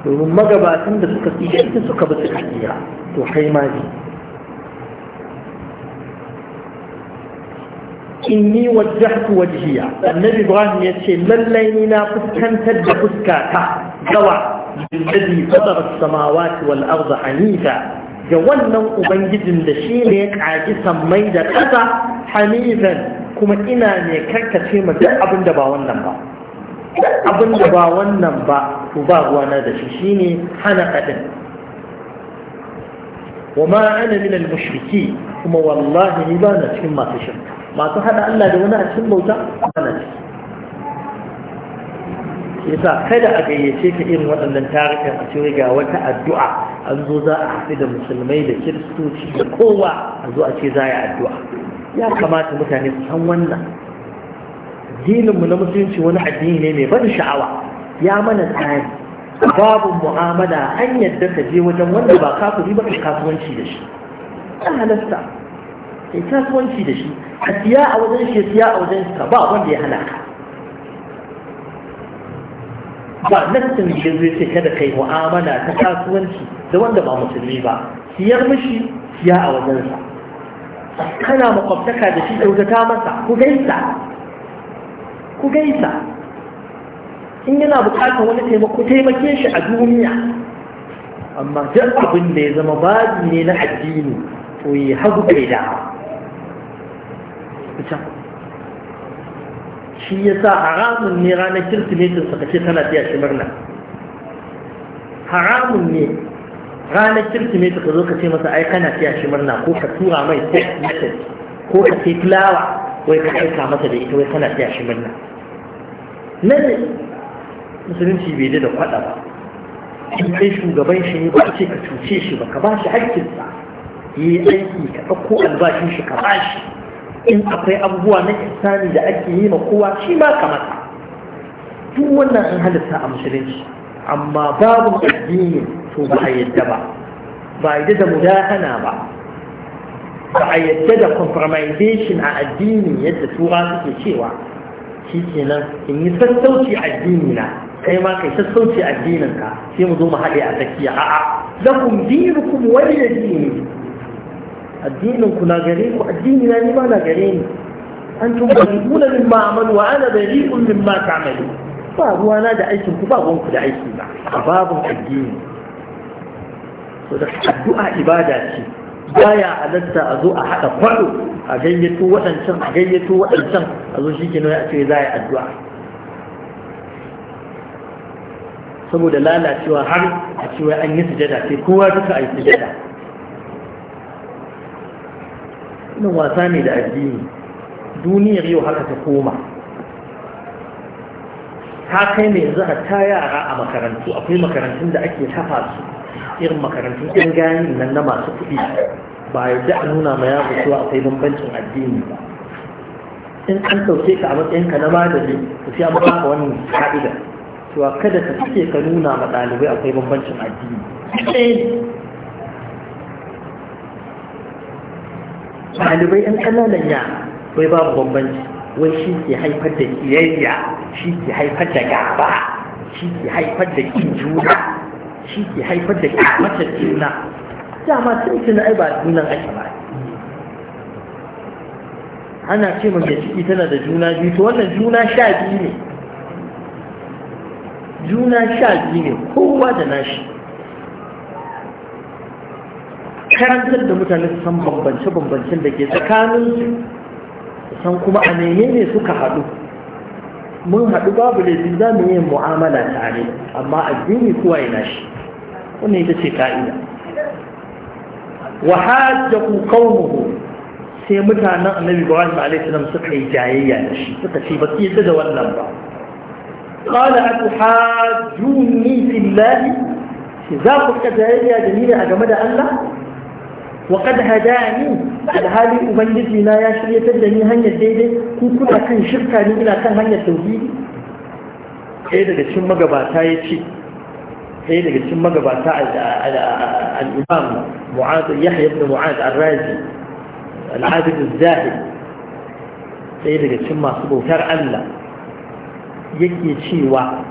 domin magabatan da suka tsira ita suka bi suka tsira to kai ma ne inni wajjahtu wajhiya annabi ibrahim ya ce lallai ni na fuskantar da fuska fuskata gawa Ga wannan السماوات da shi ne أبنجد لشيني عاجسا ميدا كذا حنيفا kuma ina ne karkace ma duk abin da ba wannan ba duk abin da ba wannan ba ku ba ruwana da shi shine hana kadin wa ma ana min al-mushriki kuma wallahi ni ba na cikin masu shirka masu hada Allah da wani a cikin bauta ba na cikin yasa kada a gayyace ka irin waɗannan tarukan a cewa ga wata addu'a an zo za a haɗu da musulmai da kiristoci da kowa a zo a ce za a yi addu'a ya kamata mutane su san wannan dininmu na musulunci wani addini ne mai ban sha'awa ya mana tsari babu mu'amala an yadda ka je wajen wanda ba kafiri ba kai kasuwanci da shi ta halasta kai kasuwanci da shi a siya a wajen shi siya a wajen ka ba wanda ya hana ka ba nassin da zai ce kada kai mu'amala ta kasuwanci da wanda ba musulmi ba siyar mishi siya a wajen wajensa kana makwabtaka da shi kyautata masa ku gaisa ku gaisa in yana bukatar wani taimako taimake shi a duniya amma duk abin da ya zama babi ne na addini to yi hagu bai da shi ya sa haramun ne ranar kirsimetin suka tana fiya shi murna haramun ne ranar kirkimeti ka zo ka ce masa ai kana siya shi murna ko ka tura mai text message ko ka ce fulawa wai ka aika masa da ita wai kana siya shi murna nan musulunci bai da kwada ba in kai shugaban shi ne ba ce ka cuce shi ba ka ba shi haƙƙinsa yi aiki ka ɗauko albashin shi ka ba shi in akwai abubuwa na kisani da ake yi ma kowa shi ma ka mata duk wannan an halitta a musulunci amma babu addini to ba a yadda ba ba a yadda da mudahana ba ba a yadda da compromisation a addini yadda tura suke cewa shi kenan in yi sassauci addini na kai ma kai sassauci addinin ka sai mu zo mu haɗe a tsakiya a'a lakum dinukum waliya dini addinin ku na gare ku addini na ni ma na gare ni antum barikuna mimma amalu wa ana barikun mimma ta'malu ba ruwana da aikin ku ba ruwanku da aiki ba a babin addini so da addu'a ibada ce baya halatta a zo a haɗa kwado a gayyato waɗancan a gayyato waɗancan a zo shi ke nuna ce za a yi addu'a saboda lalacewa har a cewa an yi sujada sai kowa duka a yi sujada wannan wasa ne da addini duniyar yau haka ta koma ta kai mai yanzu ta yara a makarantu akwai makarantun da ake tafa su irin makarantun yan gani nan na masu kuɗi ba yadda a nuna ma yaro cewa akwai bambancin addini ba in an ɗauke ka a matsayinka na magani, ka fi amma ka wannan ka'ida cewa kada ka kike ka nuna ma ɗalibai akwai bambancin addini ɗalibai 'yan ƙananan yara bai babu bambanci wai shi ke haifar da kiyayya shi ke haifar da gaba shi ke haifar da kin juna shi ke haifar da kamata juna dama tun tuna ai ba junan ake ba ana ce mai ciki tana da juna biyu to wannan juna sha biyu ne juna sha biyu ne kowa da nashi karantar da mutane su san bambance-bambancen da ke su. san kuma a menene suka haɗu mun haɗu babu laifin za mu yi mu'amala tare amma addini kuwa yana shi wannan ita ce ka'ida wa hajjahu qaumuhu sai mutanen annabi ibrahim alaihi salam suka yi jayayya da shi suka ce ba su yadda da wannan ba Kala atuhajjuni fillahi za ku ka jayayya da ni ne a game da Allah wa kad hadani alhali ubangiji na ya shiryatar da ni hanyar daidai ku kuna kan shirka ni ina kan hanyar tauhidi ɗaya daga cikin magabata ya ce ɗaya daga cikin magabata al'imam mu'az yahya ibn mu'az al-razi al-abid daga masu bautar Allah yake cewa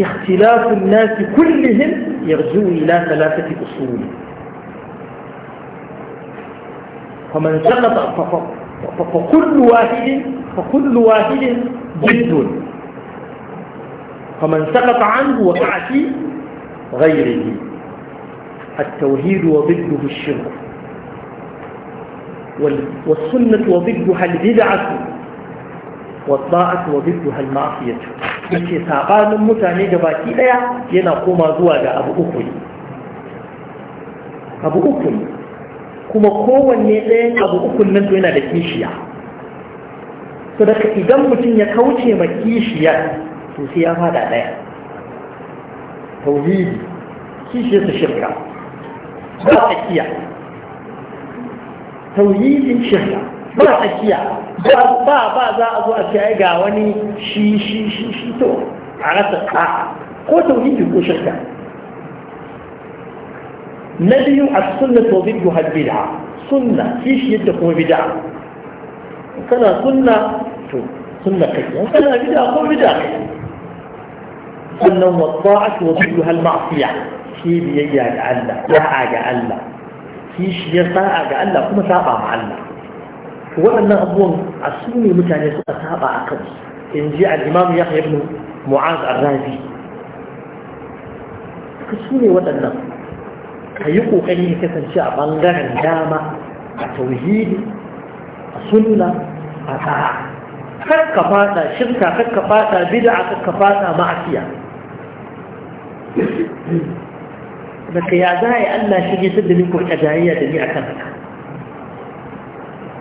اختلاف الناس كلهم يرجو إلى ثلاثة أصول فمن سقط فكل واحد فكل واحد جد فمن سقط عنه وقع في غيره التوحيد وضده الشرك والسنة وضدها البدعة والطاعة وضدها المعصية yake sabanin المتاني جباكي baki ينقوم yana أبو أخوي أبو أخوي kuma kowanne ɗaya abu ukun nan to yana da kishiya to daga idan mutum ya kauce ma kishiyar to sai ya fada ɗaya tauhidi kishiya su shirka ba kiya tauhidin shirka ba kiya ba ba za a zo a ce ga wani shi shi shi shi to a rasa ka ko tauhidi ko shirka نبي السنة وضدها البدعة سنة إيش يدكم بدعة كان سنة سنة كذا يعني كان بدعة قوم بدعة سنة والطاعة وضدها المعصية في بيجي على لا على الله في شيء طاعة على الله كم مع الله وأنا أظن السنة متعني ساقع أقل إن جاء الإمام يحيى بن معاذ الرازي كسوني النظر ka yi ƙoƙari kasance a bangaren dama a tauhidi a sunna a ta'a kar ka fada shirka kar ka fada bid'a kar ka fada ma'asiya da kai za Allah shi ne da ni ko da ni akan ka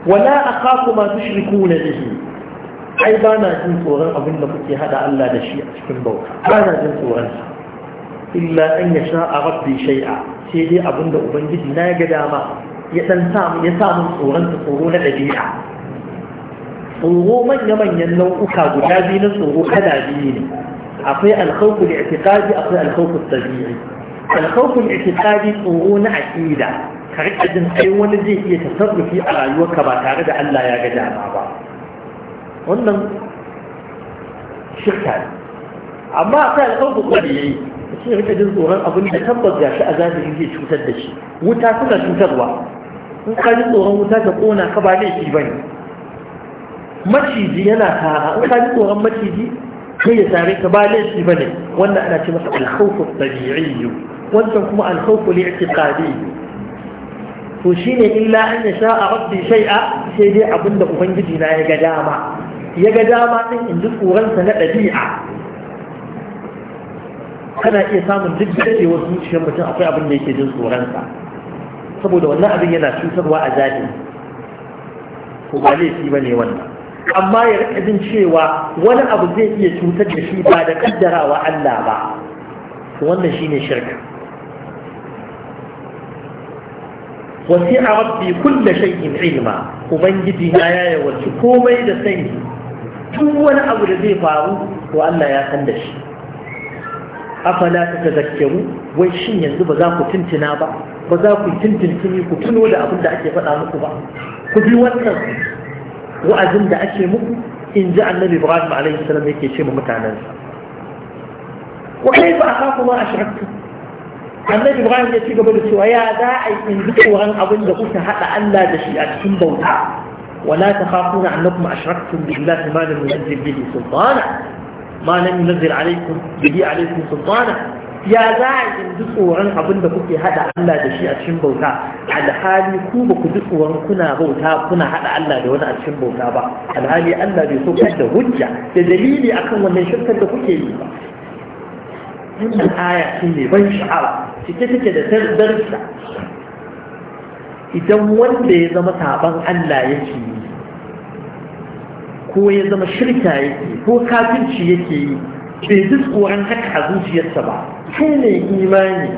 wala akhafu ma tushrikuna bihi ai bana jin tsoron abin da kuke hada Allah da shi a cikin bauta bana jin tsoron shi illa an ya sha a rabbi shai'a sai dai abinda ubangiji na ga dama ya dan samu ya samu tsoron ta tsoro na ɗabi'a tsoro manya-manyan nau'uka guda biyu na tsoro kala biyu ne akwai alkhawfu li'tiqadi akwai alkhawfu tabi'i alkhawfu li'tiqadi tsoro na aqida ka rika jin sai wani zai iya tasarrufi a rayuwarka ba tare da Allah ya ga dama ba wannan shirka amma akwai alkhawfu tabi'i sai rika jin tsoron abin da tabbas ga shi a zahiri zai cutar da shi wuta suna cutarwa in ka ji tsoron wuta ta kona ka ba laifi ba ne maciji yana tara in ka ji tsoron maciji kai ya tare ka ba laifi ba ne wannan ana ce masa alkhawfu tabi'iyyu wannan kuma alkhawfu li'tiqadiyyu to shine illa an ya sha'a rabbi shay'a sai dai abinda ubangiji na ya ga dama ya ga dama din in ji tsoron sa na dabi'a kana iya samun duk dadewar zuciyar mutum akwai abin da yake jin tsoronsa saboda wannan abin yana cutarwa a zahiri ko ba laifi ba ne wannan amma ya rika jin cewa wani abu zai iya cutar da shi ba da kaddarawa Allah ba to wannan shine shirka wasi'a rabbi kulli shay'in ilma ubangiji na ya yawarci komai da sani duk wani abu da zai faru to Allah ya san da shi afala ta tazakkaru wai shin yanzu ba za ku tuntuna ba ba za ku tuntuntuni ku tuno da abin da ake faɗa muku ba ku bi wannan wa'azin da ake muku in ji annabi ibrahim alaihi salam yake ce ma mutanensa wa kaifa akhafu ma ashraktu annabi ibrahim ya ci gaba da cewa ya za a yi in ji tsoron abin da kuka haɗa allah da shi a cikin bauta wala ولا تخافون أنكم أشركتم بالله ما لم ينزل به سلطانا ma lam yunzil alaikum bihi alaikum ya za a yanzu tsoron abin da kuke hada Allah da shi a cikin bauta alhali ku ba ku ji tsoron kuna bauta kuna hada Allah da wani a cikin bauta ba alhali Allah bai so da hujja da dalili akan wannan shirkar da kuke yi ba wannan aya ce mai ban sha'awa cike take da tardarsa idan wanda ya zama saban Allah yake yi ko ya zama shirka yake ko kafinci yake yi bai duk tsoron haka a zuciyarsa ba kai ne imani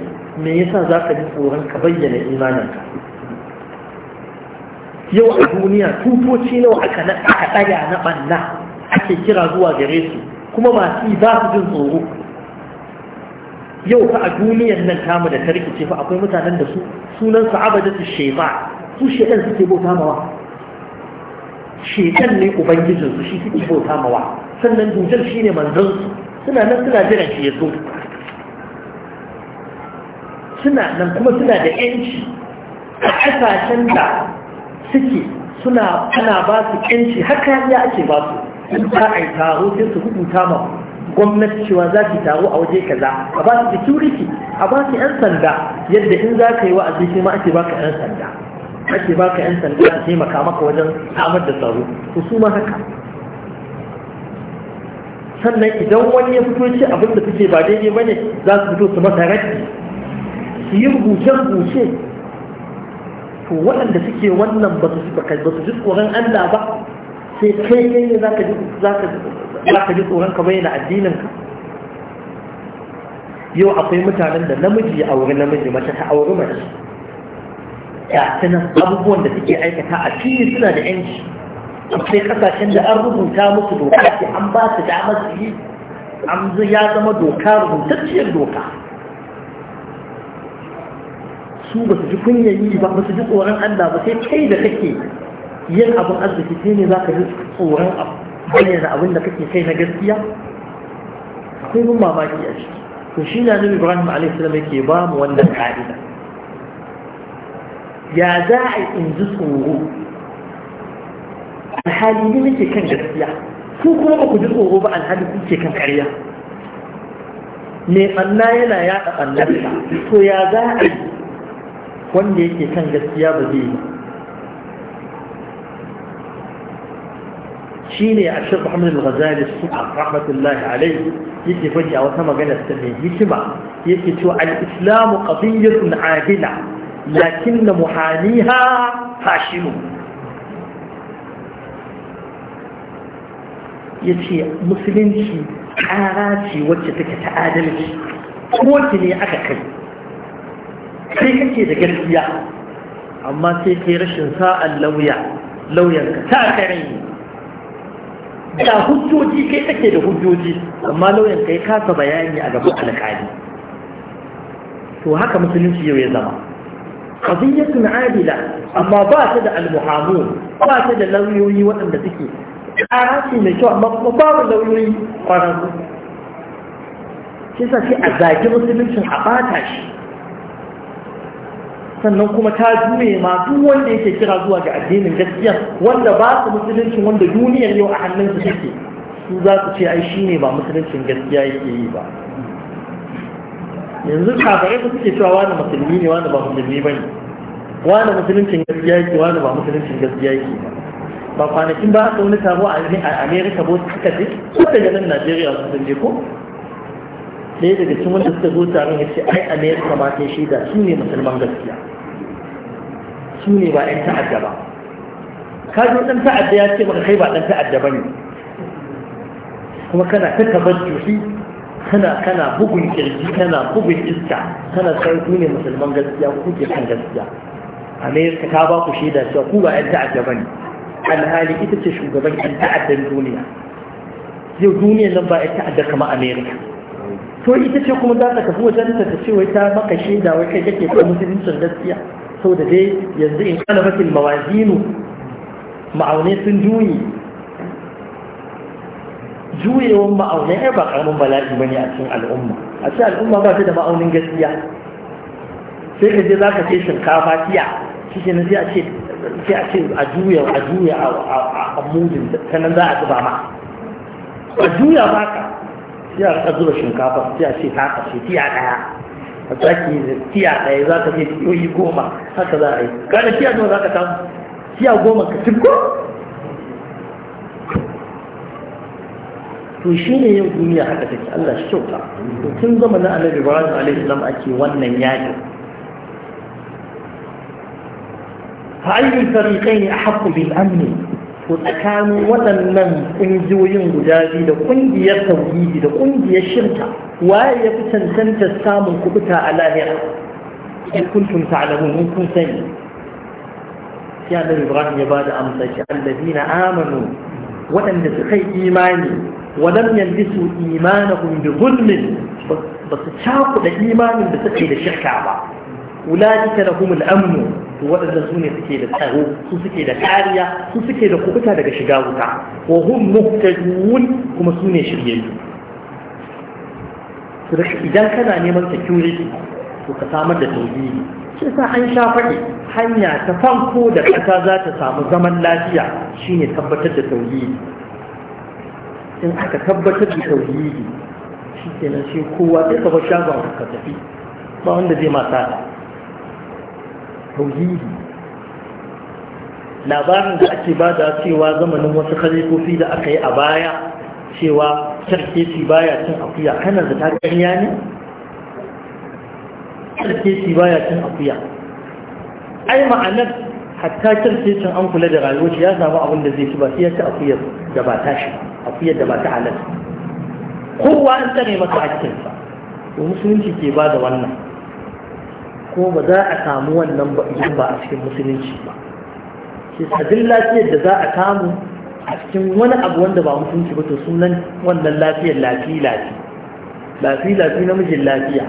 me yasa za ka ji tsoron ka bayyana imaninka yau a duniya tutoci nawa aka na aka na ɓanna ake kira zuwa gare su kuma masu ba su jin tsoro yau fa a duniyan nan tamu da tarkice fa akwai mutanen da su sunan su abadatu shema su shedan suke bauta mawa shekan ne ubangijinsu shi suke bauta mawa sannan dujal shi ne manzansu suna nan suna jiran shi ya zo suna nan kuma suna da yanci a ƙasashen da suke suna ana ba su yanci haka ya ake ba su in za a taro sai su rubuta ma gwamnati cewa za ki taro a waje kaza a ba su security a ba su yan sanda yadda in za ka yi wa'azi sai ma ake ba ka yan sanda ake baka yan sanda su taimaka maka wajen samar da tsaro to su ma haka sannan idan wani ya fito ce abin da suke ba daidai ba ne za su fito su masa raki su yi rubuce-rubuce to waɗanda suke wannan ba su ji tsoron Allah ba sai kai ne za ka ji tsoron ka bayyana addininka yau akwai mutanen da namiji ya auri namiji mace ta auri mace kyatunan abubuwan da suke aikata a fili suna da yanci sai kasashen da an rubuta musu doka ce an ba su damar su yi an ya zama doka rubutacciyar doka su ba su ji kunyan yi ba ba su ji tsoron Allah ba sai kai da kake yin abin arziki sai ne za ka ji tsoron bayyana abin da kake kai na gaskiya akwai mun mamaki a ciki to shi na nabi ibrahim alaihi salam yake ba mu wannan ka'ida ya za a in ji tsoro alhali ne nake kan gaskiya Ko kuma ba ku ji tsoro ba alhali kuke kan karya mai ɓanna yana yaɗa ɓannarsa to ya za a yi wanda yake kan gaskiya ba zai yi shi ne a shirka hamlin ghazali su a rahmatullahi alaihi yake faɗi a wata maganar ta mai hikima yake cewa al-islamu qadiyyatun adila lakin na muhaniha fashilu ya ce musulunci ƙara ce wacce take ta adalci kowace ne aka kai sai kake da gaskiya amma sai kai rashin sa'an lauya lauyanka ta kare da hujjoji kai take da hujjoji amma lauyanka ya kasa bayani a gaban alƙali to haka musulunci yau ya zama qadiyyatun adila amma ba ta da almuhamun ba ta da lauyoyi waɗanda suke ƙara ce mai kyau amma kuma babu lauyoyi kwararru shi sa sai a zagi musuluncin a bata shi sannan kuma ta jure ma duk wanda yake kira zuwa ga addinin gaskiya wanda ba su musuluncin wanda duniyar yau a hannunsu su za su ce ai shine ba musuluncin gaskiya yake yi ba yanzu kafirai ba suke cewa wani musulmi ne wani ba musulmi ba ne wani musuluncin gaskiya yake wani ba musuluncin gaskiya yake ba kwanakin ba aka wani taro a amerika ba suka je ko daga nan najeriya su sun je ko ɗaya daga cikin wanda suka zo taron ya ce ai amerika ma ta shaida su ne musulman gaskiya su ne ba 'yan ta'adda ba ka zo ɗan ta'adda ya ce maka kai ba ɗan ta'adda ba ne kuma kana ta tabar juhi kana kana bugun kirji kana bugun iska kana sarku ne musulman gaskiya ku ke kan gaskiya amerika ka ba ku shaida cewa ku ba yan ta'adda bane alhali ita ce shugaban yan ta'addan duniya yau duniya nan ba yan ta'adda kamar amerika to ita ce kuma za ta tafi wajen ta ce wai ta maka shaida wai kai kake kan musuluncin gaskiya saboda dai yanzu in kana bakin mawazinu ma'aunai sun juyi juyewan ma'aunin, ai ba karamin bala'i bane a cikin al'umma a cikin al'umma ba ta da ma'aunin gaskiya sai ka je zaka ce shinkafa tiya shi ke sai a ce sai a ce a juya a juya a mudin sannan za a zuba ma a juya ba ka sai a zuba shinkafa sai a ce ta kashe tiya daya a tsaki tiya daya za ka ce tiyoyi goma haka za a yi kada tiya goma za ka samu tiya goma ka cinko to shi ne yau duniya haka take Allah shi kyauta tun zama na annabi Ibrahim alaihi ake wannan yaƙi fa a fariqayn ahqqu bil amn Ko tsakanin waɗannan ƙungiyoyin guda biyu da ƙungiyar tauhidi da ƙungiyar shirka waye ya fi cancanta samun kubuta a lahira in kuntum ta'lamun in kun sani sai Ibrahim ya bada amsa shi alladina amanu waɗanda suka yi imani ولم يلبسوا إيمانهم بظلم بس شاقوا الإيمان بسكي للشركة بعض أولئك لهم الأمن وأن سوني سكي للتهو سكي للحالية سكي لقبتها لك شقاوتا وهم مهتدون هم سوني شريين إذا كان نيمان سكيورتي وكسامة لتوجيه kisa an sha faɗi hanya ta farko da ƙasa za ta samu zaman lafiya shine tabbatar da tauhidi in aka tabbatar da tauhidi shi kenan sai kowa sai ka bar shagon ka tafi ba wanda zai masa tauhidi labarin da ake bada cewa zamanin wasu khalifofi da aka yi a baya cewa sarkeci baya cin akuya kanar da ta ƙarya ne sarkeci baya cin akuya ai ma'anar hatta sarkecin an kula da rayuwar ya samu abin da zai ci ba sai ya ci akuyar da ba tashi ba akuyar da ba ta halatta kowa an tsare masa hakkinsa to musulunci ke ba da wannan ko ba za a samu wannan ba idan ba a cikin musulunci ba ke sadin lafiyar da za a samu a cikin wani abu wanda ba musulunci ba to sunan wannan lafiyar lafi lafi lafi lafi namijin lafiya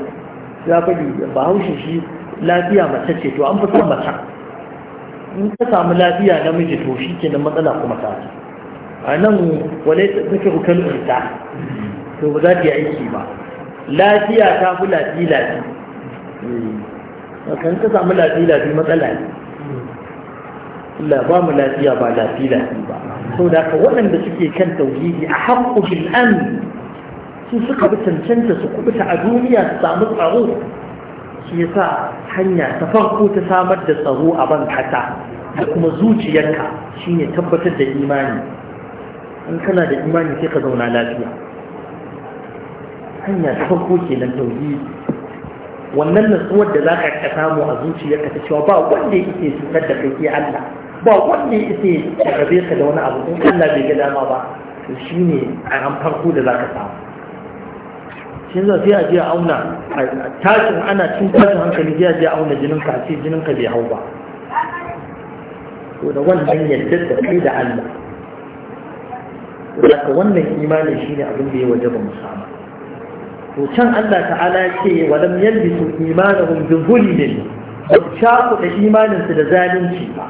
ya faɗi ba haushe shi lafiya mace ce to an fi son mace in ka samu lafiya namiji to shi kenan matsala kuma ta a nan wale suke rukar unta to ba za ta yi aiki ba lafiya ta fi lafi lafi kan ka samu lafi lafi matsala ne Allah ba mu lafiya ba lafi lafi ba sau da ka waɗanda suke kan tauhidi a haƙƙo bil'an su suka bi cancanta su kubuta a duniya su samu tsaro shi yasa hanya ta farko ta samar da tsaro a ban kasa da kuma zuciyarka shine tabbatar da imani in kana da imani sai ka zauna lafiya hanya ta farko kenan tauhidi wannan nasuwar da za ka samu a zuciya ka ta cewa ba wanda ya ke cutar da kai Allah ba wanda ya ke rabe ka da wani abu in Allah bai ga dama ba to shine a ran farko da za ka samu shi za sai a je a auna tashin ana cin tashin hankali sai a je a auna jinin ka sai jinin ka bai hau ba to da wannan yadda da kai da Allah haka wannan imanin shine abin da ya waje mu samu to can Allah ta'ala ce walam yalbisu imanahum bi zulmin ba ku da imaninsu da zalunci ba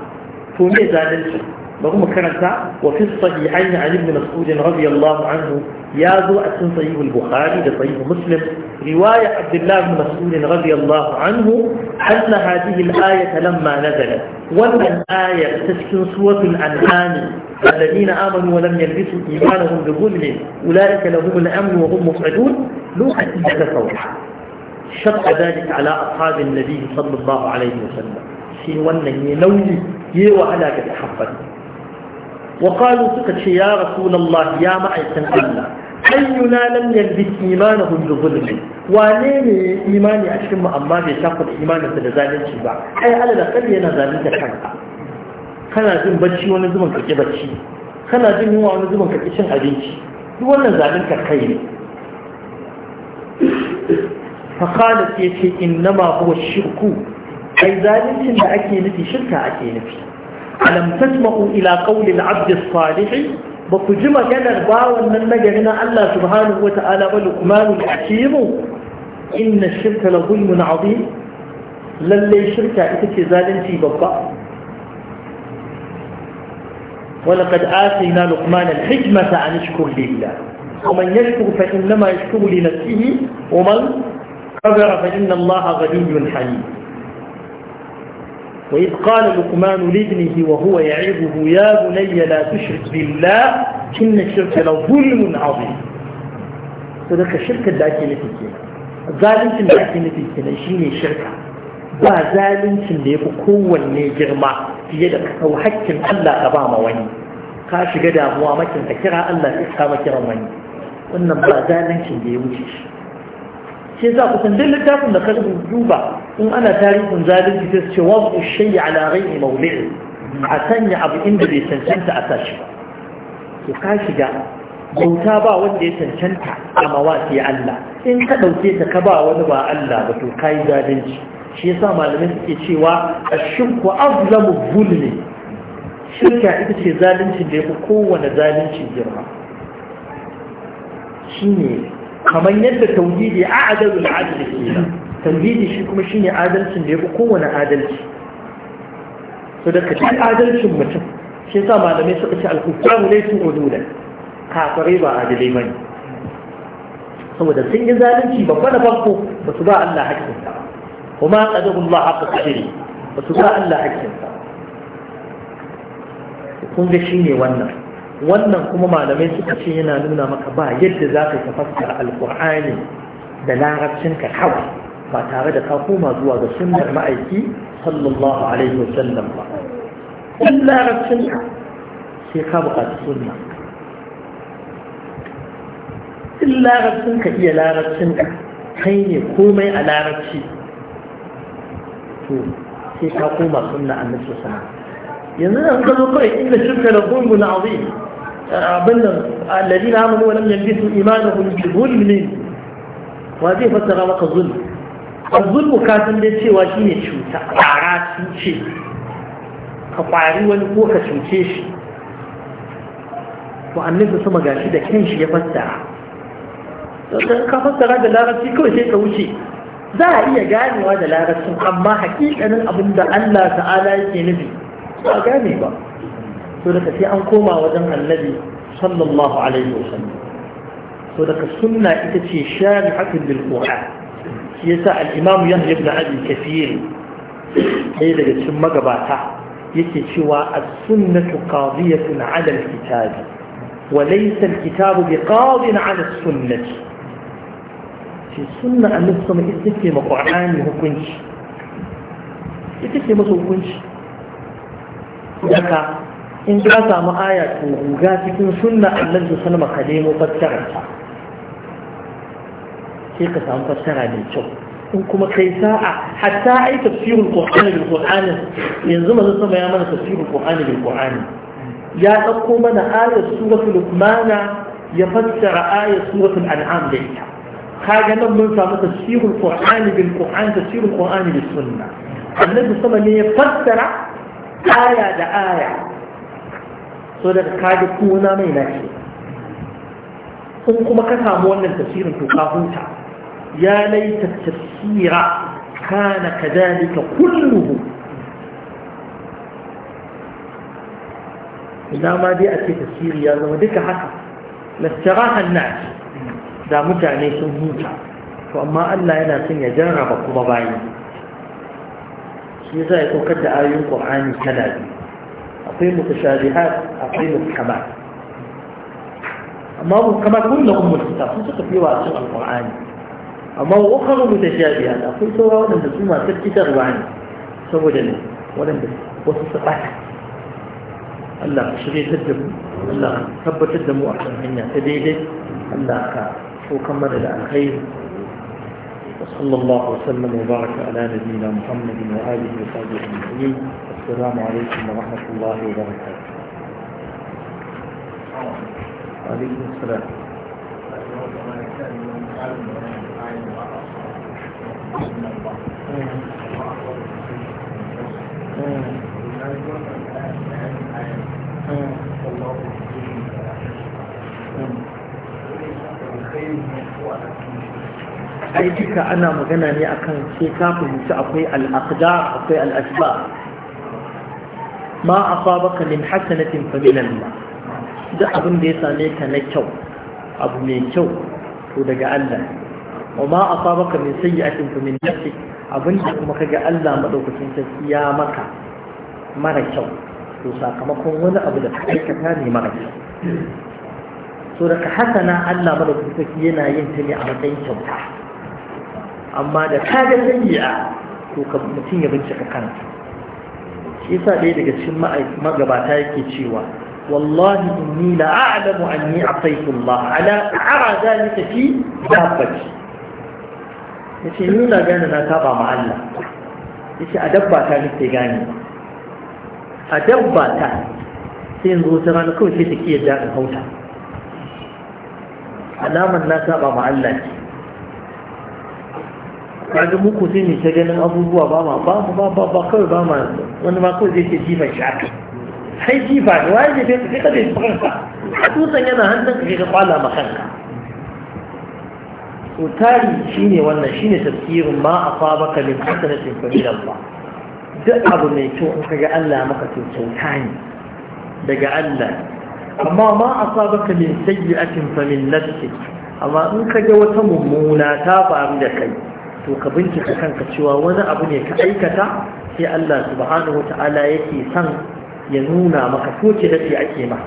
to me zalunci بقوم كرنتا وفي الصحيحين عن ابن مسعود رضي الله عنه يا ذو أسن صحيح البخاري لصحيح مسلم رواية عبد الله بن مسعود رضي الله عنه أن هذه الآية لما نزلت وأن آية تسكن سورة الأنعام الذين آمنوا ولم يلبسوا إيمانهم بظلم أولئك لهم الأمن وهم مفعدون لوحة إذا صوحة شق ذلك على أصحاب النبي صلى الله عليه وسلم في ونه يلوي يوعى على تحفظ وقالوا سكت يا رسول الله يا معيسن الله أينا لم يلبس إيمانه بظلم وانين إيماني أشم أما بيشاقل إيمانه بذلك شبع أي على الأقل ينزالين كانت kana jin bacci wani zuban kake bacci kana jin yunwa wani zuban kake cin abinci duk wannan zalin kai ne fa qala ce innama huwa shirku ai zaluncin da ake nufi shirka ake nufi ألم تسمعوا إلى قول العبد الصالح بطجمة كان أرباو من مجرنا الله سبحانه وتعالى والأمان الحكيم إن الشرك لظلم عظيم للي شركة اتكزال في بابا ولقد آتينا لقمان الحكمة أن اشكر لله ومن يشكر فإنما يشكر لنفسه ومن كبر فإن الله غني حليم وإذ قال لقمان لابنه وهو يعظه يا بني لا تشرك بالله إن الشرك لظلم عظيم صدق الشركة دا ake nufi kenan zaluncin da ake nufi kenan shine shirka ba zaluncin da yafi kowanne girma fiye da ka kau Allah ka ba ma wani ka shiga damuwa makin ka kira Allah ka kama kiran wani wannan ba zaluncin da ya wuce shi shi yasa kusan duk littafin da ka duba in ana tarihin zalunci sai su ce wasu shayi ala ghairi mawdi'i a sanya abu inda bai cancanta a sashi ku ka shiga bauta ba wanda ya cancanta a mawaki Allah in ka ɗauke ta ka ba wani ba Allah ba to kai zalunci shi yasa malamai suke cewa ashirku azlamu zulmi shirka ita ce zalunci da yafi kowane zalunci girma shine kamar yadda tauhidi a adalul adli kenan tauhidi shi kuma shi ne adalcin da ya fi kowane adalci so da kaci adalcin mutum shi sa malamai suka ce al-kuffaru laysu udulan kafirai ba adalai bane saboda sun yi zalunci babba da farko ba su ba Allah hakinsa. hakkinsa ba kuma qadarullah haqqa qadari ba su ba Allah hakinsa. kun ga shine wannan wannan kuma malamai suka ce yana nuna maka ba yadda za ka fassara alkur'ani da ka kawai ba tare da ka koma zuwa ga sunnar ma'aiki sallallahu alaihi wa sallam ba in ka, sai ka buƙaci sunna in ka iya ka, kai ne komai a larabci to sai ka koma sunna annabi sallallahu alaihi wasallam yanzu da ka zo kawai inda shirka da gungun azim abin nan allazi na amanu wa lam yalbisu imanuhum bi zulmin wa zai fassara maka zulm zulmu ka san dai cewa shine cuta ƙara sun ce ka kwari wani ko ka cuce shi to annabi sama gashi da kanshi ya fassara don ka fassara da larabci kawai sai ka wuce za a iya ganewa da larabcin amma hakikanin abin da Allah ta'ala yake nufi ba gane ba so daga sai an koma wajen annabi sallallahu alaihi wasallam so daga sunna ita ce shari'atun bil qur'an shi yasa al-imam yahya ibn abi kathir ɗaya daga cikin magabata yake cewa as-sunnatu qadiyatun 'ala al-kitab wa laysa al-kitab biqadin 'ala as-sunnati shi sunna annabi sallallahu alaihi wasallam ita ce ma qur'ani hukunci ita ce masa hukunci haka in ka samu aya to ga cikin sunna Allah da sanama ka nemo fassarar ta sai ka samu fassara mai kyau in kuma kai sa'a hatta ai tafsirul qur'ani bil qur'ani yanzu manzo sama ya mana tafsirul qur'ani bil qur'ani ya dauko mana ayat suratul luqmana ya fassara ayat suratul an'am da ita kaga nan mun samu tafsirul qur'ani bil qur'ani tafsirul qur'ani bis sunna annabi sama ne ya fassara aya da aya so daga kaji kuna mai nashi in kuma ka samu wannan tafsirin to ka huta ya laita tafsira kana kadalika kulluhu Ina ma dai a ce tafsiri ya zama duka haka lastirahan nashi da mutane sun huta to amma Allah yana son ya jarraba kuma bayan shi yasa ya saukar da ayoyin ƙur'ani kala biyu أقيم متشابهات أقيم محكمات أما محكمات كلهم متشابهات فسق في واسع القرآن أما أخر متشابهات أقول سواء ولم تسمى تبكي تغبعني سوى جنة ولم وتستطعت الله شريط الدم الله ثبت الدم وأحسن منا تديد الله وكمل إلى الخير وصلى الله وسلم وبارك على نبينا محمد وآله وصحبه أجمعين السلام عليكم ورحمة الله وبركاته وعليكم السلام ai duka ana magana ne akan sai ka fahimci akwai al'aqda akwai al'asba ma asabaka min hasanatin fa min Allah duk abin da ya same ka na kyau abu mai kyau to daga Allah wa ma asabaka min sayyi'atin fa min nafsik abin da kuma kaga Allah maɗaukacin ta ya maka mara kyau to sakamakon wani abu da ka aikata ne mara kyau so daga hasana Allah madaukakin sarki yana yin ta ne a matsayin kyauta amma da ka ga a to mutum ya bincika kansa shi ɗaya daga cikin magabata yake cewa wallahi inni la a'lamu anni asaitu ala ara zalika fi dabbati yace ni na gane na saba ma Allah yace a dabba ta nake gane a dabba ta sai yanzu wata rana kawai sai take yadda in hauta alamar na saba ma Allah ce kaga muku sai ne ta ganin abubuwa ba ma ba ba ba ba kawai ba ma wani ma kawai zai ce jifa shi aka sai jifa ne waye ne sai ka zai kanka a dutsen yana hannun ka ka kwala ma kanka to tari shine wannan shine tafsirin ma asabaka min hasanatin fa min Allah duk abu mai kyau in ga Allah maka to kyauta ne daga Allah amma ma asabaka min sayyi'atin fa min nafsik amma in ka ga wata mummuna ta faru da kai to ka bincika kanka cewa wani abu ne ka aikata sai Allah subhanahu wa ta'ala yake son ya nuna maka ko ce da ake ma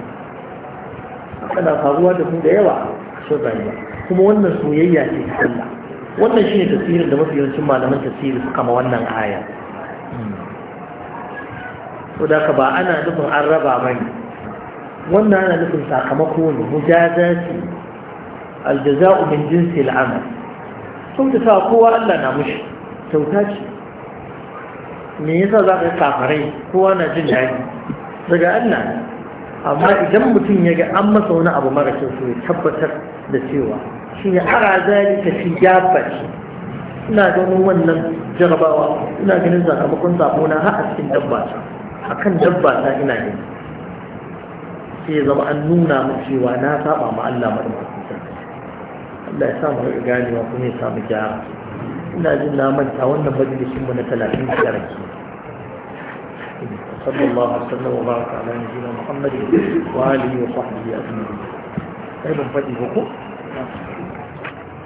kana faruwa da mu da yawa so rayuwa kuma wannan soyayya ce ta Allah wannan shine tafsirin da mafi yawancin malaman tafsiri suka ma wannan aya to da ba ana nufin an raba bane wannan ana nufin sakamako ne mujazati aljaza'u min jinsi al'amal kyautata kowa Allah na mushi kyauta ce me yasa za ka kafarai kowa na jin daɗi daga Allah amma idan mutum ya ga an masa wani abu mara kyau to ya tabbatar da cewa shi ya ara zalika ya yabaci ina ganin wannan jarabawa ina ganin sakamakon sabona har a cikin dabba ta akan dabba ta ina gani sai zama an nuna mu cewa na saba ma Allah madaukakin Allah ya samu ga wa kuma ya samu gyara ina jin na manta wannan majalisin mu na 30 wa rake صلى الله muhammadin wa alihi wa sahbihi ajma'in وصحبه أجمعين. ko.